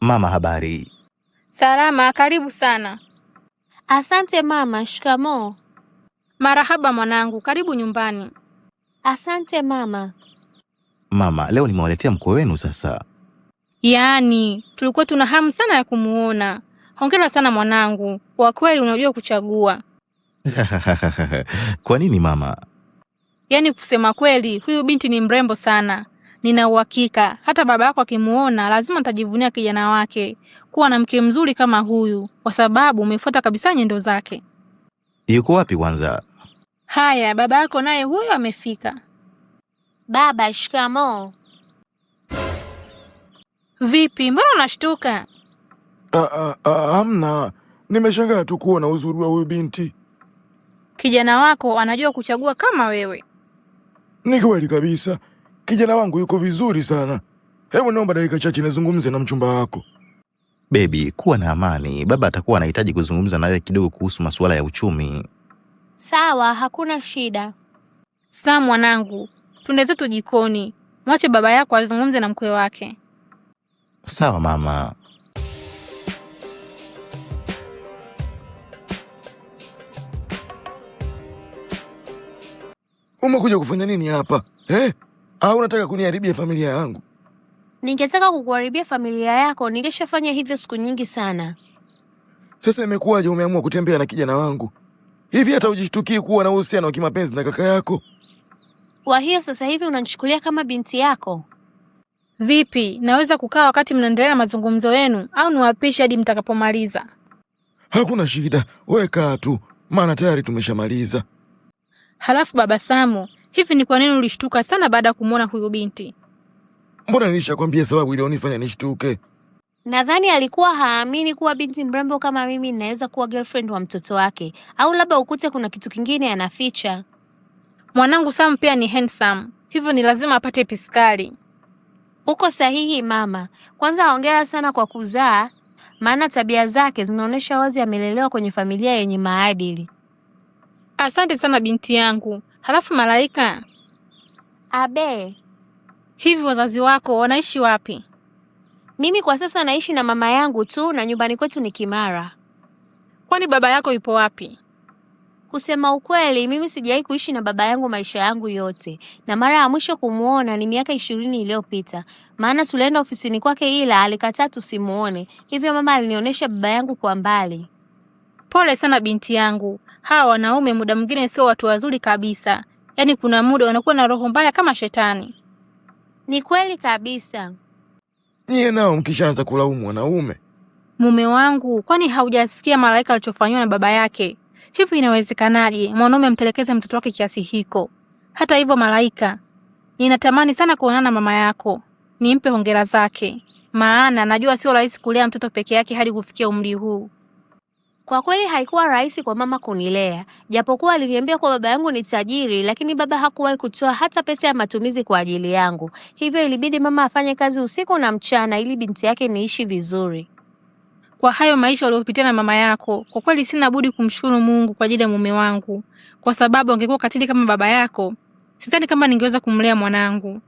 Mama, habari? Salama, karibu sana. Asante mama. Shikamoo. Marahaba mwanangu, karibu nyumbani. Asante mama. Mama, leo nimewaletea mkwe wenu sasa. Yaani, tulikuwa tuna hamu sana ya kumuona. Hongera sana mwanangu, kwa kweli unajua kuchagua. Kwa nini mama? Yaani, kusema kweli, huyu binti ni mrembo sana. Nina uhakika hata baba yako akimuona lazima atajivunia kijana wake kuwa na mke mzuri kama huyu, kwa sababu umefuata kabisa nyendo zake. Yuko wapi kwanza? Haya, baba yako naye huyo amefika. Baba, shikamoo. Vipi, mbona unashtuka? Ah, ah, ah, hamna, nimeshangaa tu kuona uzuri wa huyu binti. Kijana wako anajua kuchagua kama wewe. Ni kweli kabisa, kijana wangu yuko vizuri sana. Hebu naomba dakika chache nizungumze na mchumba wako. Bebi, kuwa na amani, baba atakuwa anahitaji kuzungumza nawe kidogo kuhusu masuala ya uchumi. Sawa, hakuna shida. Saa mwanangu, twende zetu jikoni, mwache baba yako azungumze na mkwe wake. Sawa mama. Umekuja kufanya nini hapa eh? au unataka kuniharibia familia yangu? Ningetaka kukuharibia familia yako, ningeshafanya hivyo siku nyingi sana. Sasa imekuwaje umeamua kutembea na kijana wangu hivi? Hata ujishtukii kuwa na uhusiano wa kimapenzi na kaka yako? Kwa hiyo sasa hivi unanichukulia kama binti yako? Vipi, naweza kukaa wakati mnaendelea na mazungumzo yenu, au niwapishe hadi mtakapomaliza? Hakuna shida, wewe tu, maana tayari tumeshamaliza. Halafu baba Samu, Hivi ni kwa nini ulishtuka sana baada ya kumwona huyu binti? Mbona nilishakwambia sababu ilionifanya nishtuke. Nadhani alikuwa haamini kuwa binti mrembo kama mimi naweza kuwa girlfriend wa mtoto wake, au labda ukute kuna kitu kingine anaficha. Mwanangu Sam pia ni handsome, hivyo ni lazima apate piskali. Uko sahihi mama. Kwanza hongera sana kwa kuzaa, maana tabia zake zinaonyesha wazi amelelewa kwenye familia yenye maadili. Asante sana binti yangu, Halafu Malaika, abe, hivi wazazi wako wanaishi wapi? Mimi kwa sasa naishi na mama yangu tu na nyumbani kwetu ni Kimara. Kwani baba yako yupo wapi? Kusema ukweli, mimi sijawahi kuishi na baba yangu maisha yangu yote, na mara ya mwisho kumwona ni miaka ishirini iliyopita, maana tulienda ofisini kwake, ila alikataa tusimwone hivyo mama alinionyesha baba yangu kwa mbali. Pole sana binti yangu, hawa wanaume muda mwingine sio watu wazuri kabisa, yaani kuna muda wanakuwa na roho mbaya kama shetani. Ni kweli kabisa. Niye nao mkishaanza kulaumu wanaume. Mume wangu, kwani haujasikia malaika alichofanyiwa na baba yake? Hivi inawezekanaje mwanaume amtelekeze mtoto wake kiasi hiko? Hata hivyo, Malaika, ninatamani sana kuonana na mama yako, nimpe hongera zake, maana najua sio rahisi kulea mtoto peke yake hadi kufikia umri huu. Kwa kweli haikuwa rahisi kwa mama kunilea, japokuwa aliniambia kuwa baba yangu ni tajiri, lakini baba hakuwahi kutoa hata pesa ya matumizi kwa ajili yangu, hivyo ilibidi mama afanye kazi usiku na mchana ili binti yake niishi vizuri. Kwa hayo maisha aliyopitia na mama yako, kwa kweli sina budi kumshukuru Mungu kwa ajili ya mume wangu, kwa sababu angekuwa katili kama baba yako, sidhani kama ningeweza kumlea mwanangu.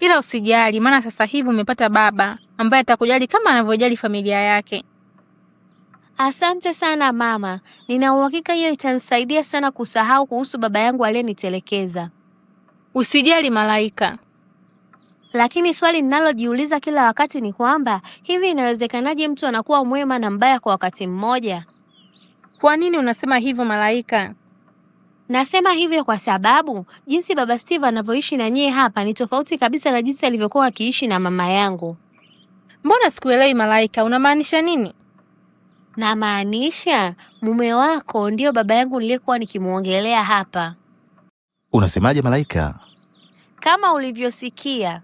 Ila usijali, maana sasa hivi umepata baba ambaye atakujali kama anavyojali familia yake. Asante sana mama, nina uhakika hiyo itanisaidia sana kusahau kuhusu baba yangu aliyenitelekeza. Usijali Malaika. Lakini swali ninalojiuliza kila wakati ni kwamba hivi inawezekanaje mtu anakuwa mwema na mbaya kwa wakati mmoja? Kwa nini unasema hivyo Malaika? Nasema hivyo kwa sababu jinsi baba Steve anavyoishi na nyie hapa ni tofauti kabisa na jinsi alivyokuwa akiishi na mama yangu. Mbona sikuelewi Malaika, unamaanisha nini? Namaanisha mume wako ndiyo baba yangu niliyekuwa nikimwongelea hapa. Unasemaje Malaika? Kama ulivyosikia,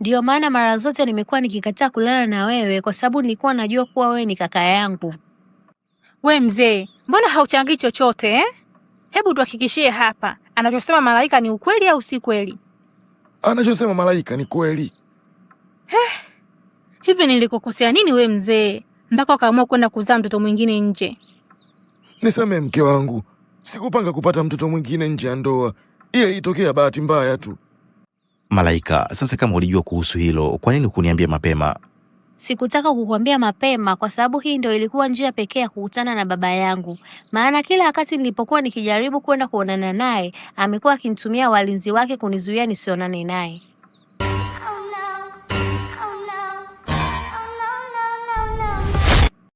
ndiyo maana mara zote nimekuwa nikikataa kulala na wewe, kwa sababu nilikuwa najua kuwa wewe ni kaka yangu. We mzee, mbona hauchangii chochote eh? Hebu tuhakikishie hapa, anachosema Malaika ni ukweli au si kweli? Anachosema Malaika ni kweli. Heh, hivi nilikukosea nini we mzee? mpaka akaamua kwenda kuzaa mtoto mwingine nje. Nisamehe mke wangu, sikupanga kupata mtoto mwingine nje ya ndoa, ila ilitokea bahati mbaya tu. Malaika, sasa kama ulijua kuhusu hilo, kwa nini kuniambia mapema? Sikutaka kukuambia mapema kwa sababu hii ndio ilikuwa njia pekee ya kukutana na baba yangu, maana kila wakati nilipokuwa nikijaribu kwenda kuonana naye amekuwa akinitumia walinzi wake kunizuia nisionane naye.